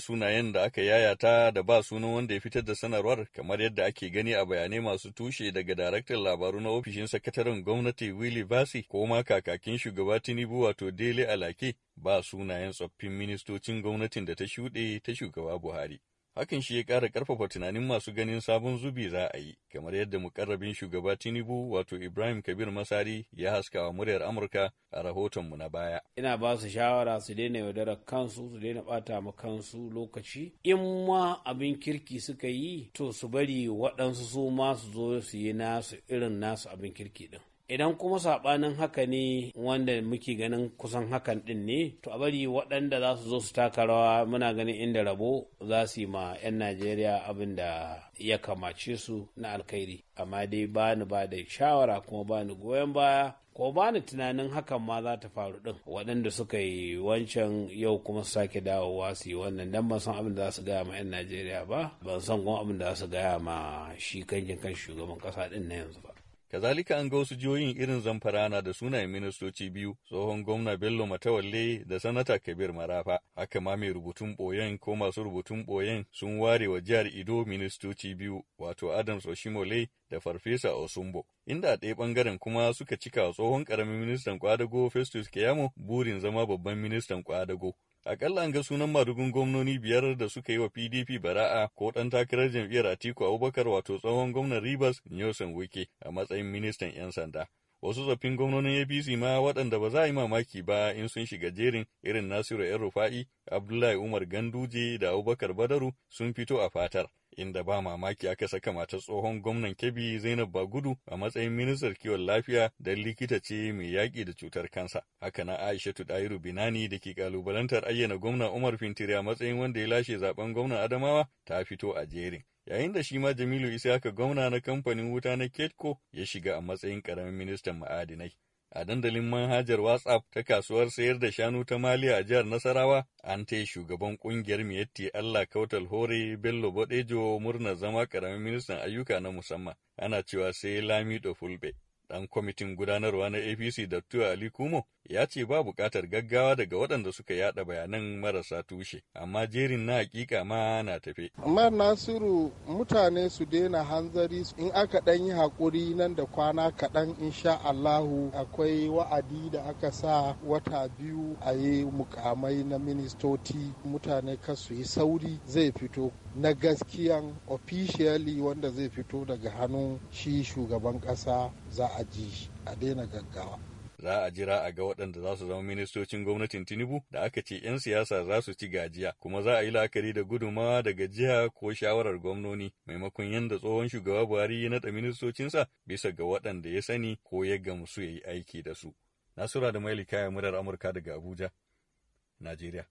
Sunayen da aka yayata da ba sunan wanda ya fitar da sanarwar kamar yadda ake gani a bayanai masu tushe daga daraktan labaru na ofishin sakataren gwamnati Willy Basi ko ma kakakin shugaba Tinubu wato Dele Alake ba sunayen tsoffin ministocin gwamnatin da ta shuɗe ta shugaba Buhari. Hakan shi ya ƙara ƙarfafa tunanin masu ganin sabon zubi za a yi, kamar yadda mukarrabin shugaba Tinubu wato Ibrahim Kabir Masari ya haskawa muryar Amurka a rahotonmu na baya. Ina ba su shawara su daina yaudara kansu su daina ɓata ma kansu lokaci. In ma abin kirki suka yi to su bari waɗansu su ma su zo su yi nasu irin nasu abin kirki ɗin. idan kuma saɓanin haka ne wanda muke ganin kusan hakan ɗin ne to a bari waɗanda za su zo su taka rawa muna ganin inda rabo za su yi ma 'yan najeriya abin da ya kamace su na alkhairi amma dai ba ni ba da shawara kuma ba ni goyon baya ko ba ni tunanin hakan ma za ta faru ɗin waɗanda suka yi wancan yau kuma su sake dawowa su yi wannan dan ban san abin da za su gaya ma 'yan najeriya ba ban san kuma abin da za su gaya ma shi kankin kan shugaban ƙasa ɗin na yanzu ba Kazalika an ga wasu jihohin irin zamfara na da sunayen ministoci biyu, tsohon gwamna Bello Matawalle da sanata Kabir Marafa. Haka ma mai rubutun ɓoyen ko masu rubutun ɓoyen sun ware wa jihar Ido ministoci biyu, wato Adams Oshimole da Farfesa Osumbo. Inda a ɗaya ɓangaren kuma suka cika tsohon ƙaramin ministan kwadago Festus Kiyamo burin zama babban ministan kwadago. Akalla an ga sunan madugun gwamnoni biyar da suka yi wa PDP bara'a ko ɗan takarar jam'iyyar Atiku Abubakar wato tsohon gwamnan Rivers Nelson Wike a matsayin ministan 'yan sanda. wasu tsoffin gwamnonin APC ma waɗanda ba za a yi mamaki ba in sun shiga jerin irin Nasiru ‘yan rufa'i, Abdullahi Umar Ganduje da Abubakar Badaru sun fito a fatar. inda ba mamaki aka saka matar tsohon gwamnan Kebbi Zainab Bagudu a matsayin ministar kiwon lafiya don likita ce mai yaƙi da cutar kansa. Haka na Aishatu Dairu Binani da ke kalubalantar ayyana gwamna Umar Fintiri a matsayin wanda ya lashe zaben gwamnan Adamawa ta fito a jerin. Yayin da shi ma Jamilu isa haka gwamna na kamfanin wuta na Ketco ya shiga a matsayin ƙaramin ministan ma'adinai. a dandalin manhajar WhatsApp ta kasuwar sayar da shanu ta Maliya a jihar Nasarawa, an taya shugaban kungiyar miyetti Allah Kautal Hore Bello Bodejo murna zama karamin ministan ayyuka na musamman. Ana cewa sai Lamido Fulbe. Dan kwamitin gudanarwa na APC Tuwa Ali Kumo ya ce ba buƙatar gaggawa daga waɗanda suka yada bayanan marasa tushe amma jerin na hakika ma na tafe. amma Nasiru mutane su daina hanzari in aka ɗan yi haƙuri nan da kwana kaɗan insha Allahu akwai wa'adi da aka sa wata biyu a yi mukamai na ministoci mutane kasu yi sauri zai fito na gaskiyan officially wanda zai fito daga hannun shi shugaban ƙasa za a ji a daina gaggawa. Za a jira a ga waɗanda za su zama ministocin gwamnatin Tinubu da aka ce 'yan siyasa za su ci gajiya kuma za a yi la'akari da gudummawa daga jiha ko shawarar gwamnoni maimakon yadda tsohon shugaba Buhari ya naɗa ministocinsa bisa ga waɗanda ya sani ko ya gamsu ya yi aiki da su. Nasura da mailika ya Murar Amurka daga Abuja, Najeriya.